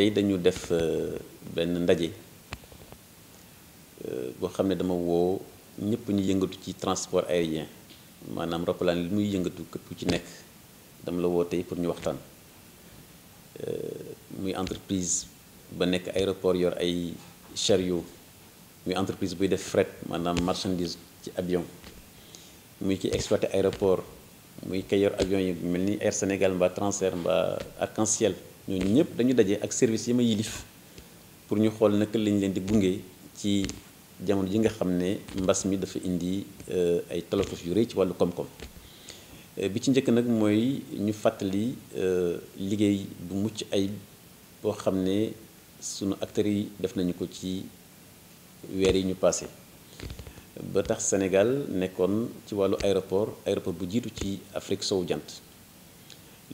tey dañu def ben ndaje euh, boo xam ne dama wo ñepp ñu yëngatu ci transport aérien manam roplan li muy yëngatu képp ku ci nek dama la woo pour ñu euh muy entreprise ba nek aéroport yor ay chariot muy entreprise buy def fret manam marchandise ci avion muy ki exploiter aéroport muy kay yor avion yi melni Air Sénégal mbaa transfert, mbaa Arc-en-Ciel ñooñu ñëpp dañu daje ak service yi ma yilif pour ñu xool naka lañ leen di gunge ci jamono ji nga xam ne mbas mi dafa indi euh, ay tolof yu rëy ci wàllu koom-koom euh, bi ci njëkk nag mooy ñu fàttali euh, liggéey bu mucc ay boo xam ne sunu acteurs yi def nañu ko ci weer yi ñu passé ba tax Sénégal nekkoon ci wàllu aéroport aéroport bu jiitu ci Afrique sowu jant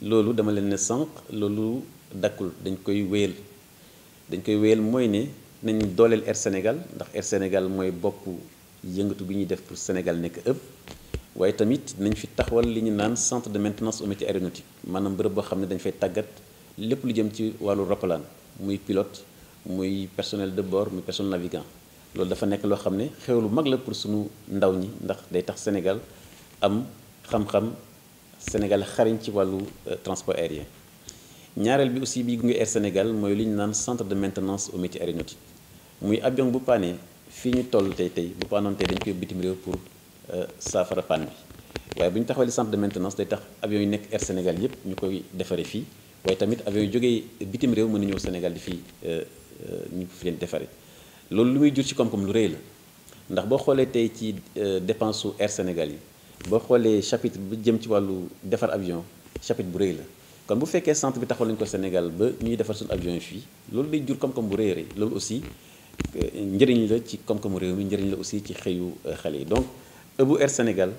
lolu dama leen ne sànq loolu dakkul dañ koy wéel dañ koy wéel moy ne nañu dolel Air Sénégal ndax Air Sénégal moy bopp yëngatu bi ñuy def pour Sénégal nek ëpp waye tamit nañ fi taxawal li ñu naan centre de maintenance au métier aéronautique manam bërëb boo xam dañ fay tagat lepp lu jëm ci walu roppalaan muy pilote muy personnel de bord muy personnel navigant lolu dafa nek lo xam xewlu mag la pour sunu ndaw ñi ndax day tax Sénégal am xam-xam Sénégal xarañ ci walu euh, transport aérien ñaareel bi aussi bi gunge Air Sénégal moy li ñu centre de maintenance au métier aéronautique muy avion bu pané fi ñu toll tey tey bu paanoon tey koy bitim réew pour euh, saafara paan bi waaye buñ ñu centre de maintenance day tax avion yi nekk Air Sénégal yépp ñukoy koy fi fii tamit avion yu joggé bitim réew mëna na ñëw Sénégal di fii euh, ñu fi leen defaree loolu lu muy jur ci comme comme lu rëy la ndax bo xolé tey ci dépense Air Sénégal yi bo xolé chapitre bu jëm ci walu defar avion chapitre bu rëy la kon bu féké centre bi taxawal nañu ko Sénégal ba ñuy defar sun avion yi fii loolu day jur comme comme bu rëy rëy loolu aussi euh, njëriñ la ci comme comme réew mi njëriñ la aussi ci xeyu euh, xalé donc ëbu Air Sénégal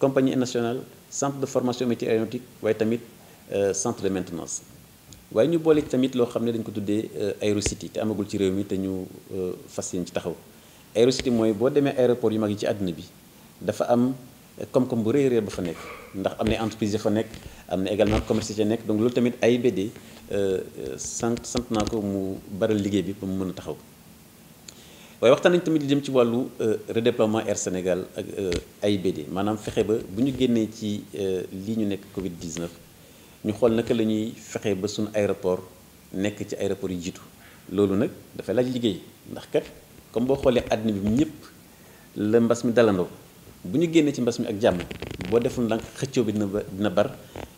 compagnie nationale centre de formation métier aéronautique way tamit euh, centre de maintenance way ñu bolé tamit lo xamné dañ ko tuddé Aérocity té amagul ci réew mi té ñu fas ci taxaw Aérocity moy bo démé aéroport yu mag ci aduna bi dafa am comme comme bu rëy rëy ba fa nek ndax am entreprise ya fa nek am également commerce ya nek donc lolu tamit AIBD euh, sant sant naa mu baral liguey bi pour mu mën taxaw way waxtan nañ tamit li jëm ci walu euh, redéploiement Air Sénégal ak euh, AIBD manam fexé ba buñu génné ci li ñu nek Covid 19 ñu xol naka lañuy fexé ba suñu aéroport nek ci aéroport yu jiitu loolu nag dafay laj liguey ndax kat comme bo xolé àddina bi ñëpp le mbass mi dalandoo buñu ñu ci mbas mi ak jamm bo deful ndànk xëccio bi dina dina bar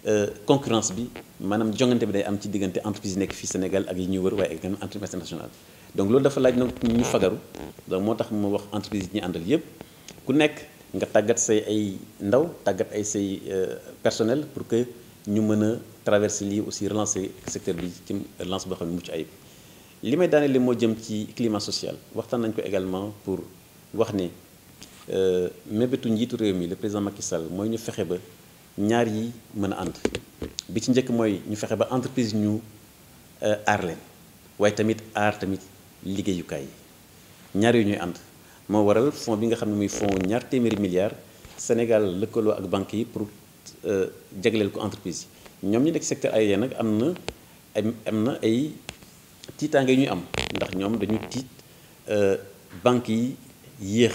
euh, concurrence bi manam jongante bi day am ci diggante entreprise nek fi Sénégal ak yi ñuy wër way ak entreprise nationale donc loolu dafa laaj nag ñu fagaru donc motax tax wax entreprise ñi andal yépp ku nek nga tàggat say ay ndaw tàggat ay say euh, personnel pour que ñu mëna traverser li aussi relancer secteur bi ci relance boo xam mucc ayib limay may daanele mo jëm ci climat social waxtan nañ ko également pour wax ni euh, mébétu njiitu réew mi le président Macky Sall moy ñu fexé ba ñaar yi mëna a bi ci njëkk moy ñu fexé ba entreprise ñu euh, aar leen waaye tamit aar tamit liggéeyukaay kay ñaar yu ñuy ànd mo waral fonds bi nga xamni muy fonds ñaar téeméeri milliards Sénégal lëkkaloo ak banque yi pour euh, jéglél ko entreprise ñom ñoom ñu secteur aérien e nak amna amna ay tiitaange yu ñuy am ndax ñom dañu euh banque yi yéex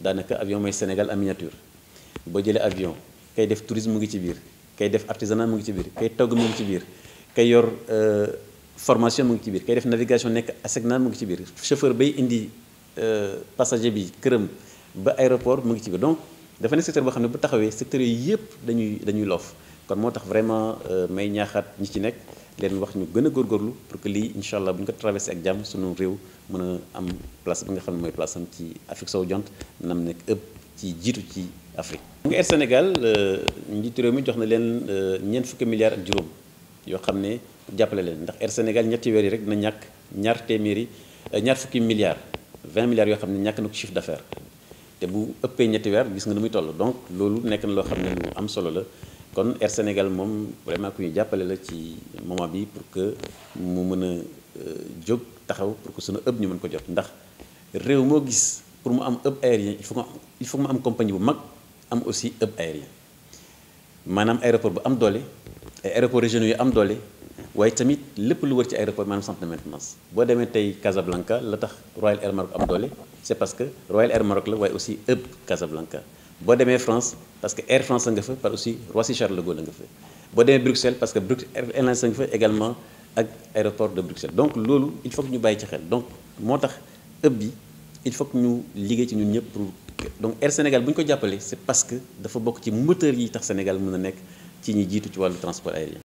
danaka avion moy Sénégal en miniature bo jëlee avion kay def tourisme mu ngi ci biir kay def artisanat mu ngi ci biir kay togg mu ngi ci biir kay yor euh, formation mu ngi ci biir kay def navigation nek ASECNA mu ngi ci biir chauffeur bay indi euh, passager bi kërëm ba aéroport mu ngi ci biir donc dafa nekk secteur bo xamné bu taxawé secteurs yépp dañuy dañuy loof kon moo tax vraiment euh, may ñaaxaat ñi ci nekk leen wax ñu gën a góorlu pour que lii incha allah bu ñu ko traversé ak jàmm suñu réew mun a am place bi nga xam ne mooy place ci Afrique sowu jant nam nekk ëpp ci jiitu ci Afrique. Sénégal euh, njiitu réew mi jox na leen euh, ñeent fukki milliards juróom yoo xam ne jàppale leen ndax Sénégal ñetti yi rek na ñàkk ñaar téeméeri ñaar fukki milliards 20 milliards yoo xam ne ñàkk na ko chiffre d'affaires te bu ëppee ñetti weer gis nga nu muy toll donc loolu nekk na loo xam ne lu am solo la. kon Air Sénégal mom, vraiment ku ñu jàppale la ci moment bi pour que mu mën a euh, taxaw pour que sunu ëpp ñu mën ko jot ndax réew moo gis pour mu am ëpp aérien il faut que il faut que mu am compagnie bu mag am aussi ëpp aérien maanaam aéroport bu am dolé, ay aéroport régionaux yu am dolé. waaye tamit lépp lu wër ci aéroport maanaam centre de maintenance boo demee tey Casablanca la tax Royal Air Maroc am dolé. c'est parce que Royal Air Maroc la waaye aussi ëpp Casablanca Bo démé France parce que Air France s'engage nga fa par aussi Roissy Charles de Gaulle s'engage. nga fa Bruxelles parce que Bruxelles Airlines s'engage nga également ak aéroport de Bruxelles donc lulu il faut que nous bay ci donc motax il faut que nous liggé ci ñun ñëpp pour donc Air Sénégal buñ ko jappalé c'est parce que dafa bok ci moteur yi tax Sénégal mëna nek ci ñi ci transport aérien